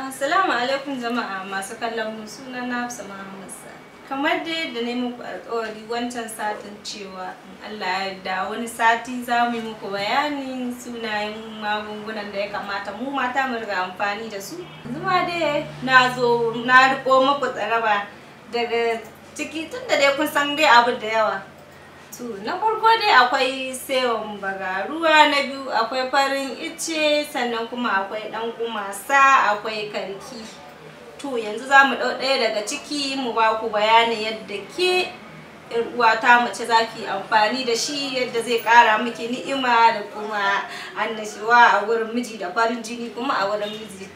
Assalamu alaikum jama'a masu kallon mu suna na Hafsa Muhammad Kamar da yadda ne muku alƙawari wancan satin cewa in Allah ya yarda wani sati za mu yi muku bayanin sunayen magungunan da ya kamata mu mata mu riga amfani da su. Yanzu ma dai na zo na riko muku tsaraba daga ciki tunda dai kun san dai abu da yawa. su na farko dai akwai sewan bagaruwa na biyu akwai farin ice sannan kuma akwai dan gumasa akwai karki to yanzu zamu mu ɗau ɗaya daga ciki mu ba ku bayanin yadda ke uwata mace za ki amfani da shi yadda zai ƙara miki ni'ima da kuma annashuwa a wurin miji da farin jini kuma a wurin miji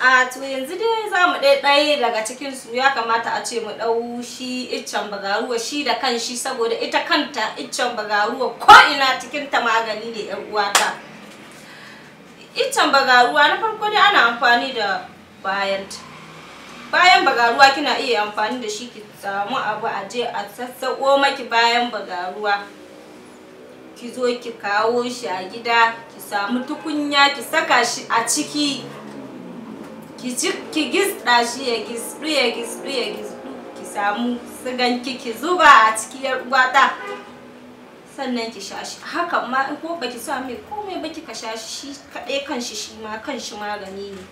a to yanzu dai za mu ɗaya ɗaya daga cikinsu ya kamata a ce mu ɗau shi iccen bagaruwa shi da kan shi saboda ita kanta iccen bagaruwa ko ina cikin ta magani ne yan uwata iccen bagaruwa na farko dai ana amfani da bayanta bayan bagaruwa kina iya amfani da shi ki samu abu a je a sassaƙo maki bayan bagaruwa ki zo ki kawo shi a gida ki samu tukunya ki saka shi a ciki ki ci ki gisɗa shi ya gisɗu ya ya ki samu siganki ki zuba a ciki yar uwata sannan ki sha shi haka ma in ko baki sa mai komai ba ka sha shi kaɗai kanshi shi ma shi magani ne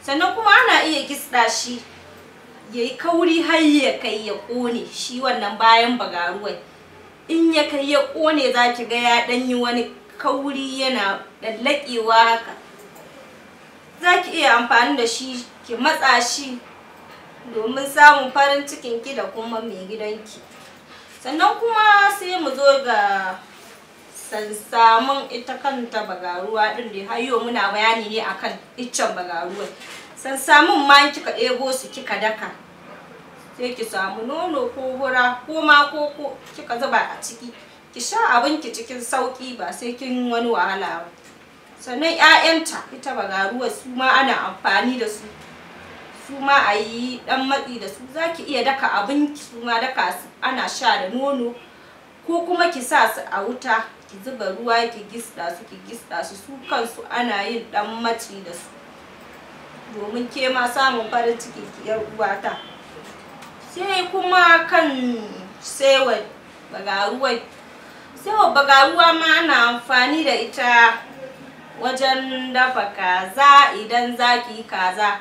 sannan kuma ana iya gisɗa shi ya yi kauri har ya kai ya ƙone shi wannan bayan bagaruwai in ya kai ya ƙone za ki ga ya ɗanyi wani kauri yana ɗallaƙewa haka iya amfani da shi ki matsa shi domin samun farin cikin ki da kuma mai gidanki sannan kuma sai mu zo ga sansamin ita kanta bagaruwa din da har yau muna bayani ne akan iccen bagaruwa sansamin ma kika ɗebo su kika daka sai ki samu nono ko hura ko ma ko kika zuba a ciki ki sha abinki cikin sauki ba sai kin wani wahala ba sannan 'ya'yanta ita bagaruwa su ma ana amfani da su su ma a yi ɗan matsi da su za ki iya daka abinci su ma daka su ana sha da nono ko kuma ki sa su a wuta ki zuba ruwa ki gista su ki gista su su kansu ana yin ɗan matsi da su domin ke ma samun farin ciki ki yar uwata sai kuma kan sewa bagaruwa sewa bagaruwa ma ana amfani da ita wajen dafa kaza idan zaki kaza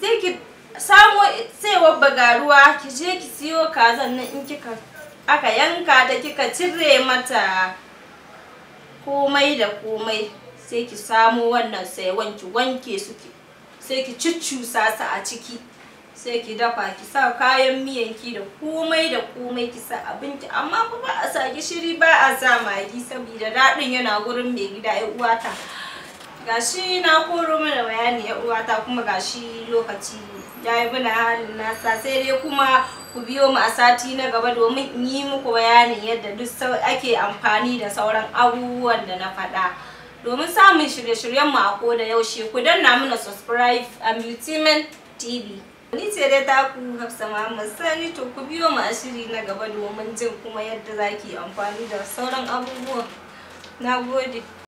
sai ki samu wabba bagaruwa ki je ki siyo kazan nan in kika aka yanka ta kika cire mata komai da komai sai ki samo wannan sai ki wanke su sai ki cuccusa su a ciki sai ki dafa ki sa kayan ki da komai da komai ki sa abinci amma fa ba a sa gishiri ba a sa magi saboda daɗin yana gurin mai gida ya uwata gashi na koro mana bayani ya uwata kuma gashi lokaci ya yi muna halin nasa sai dai kuma ku biyo mu a sati na gaba domin in yi muku bayanin yadda duk ake amfani da sauran abubuwan da na faɗa domin samun shirye-shiryen mu a koda yaushe ku danna mana subscribe amutiment TV Ni ce dai ta ku Hafsa Muhammad Sani to ku biyo mu ashiri na gaba domin jin kuma yadda zaki amfani da sauran abubuwan. Na gode.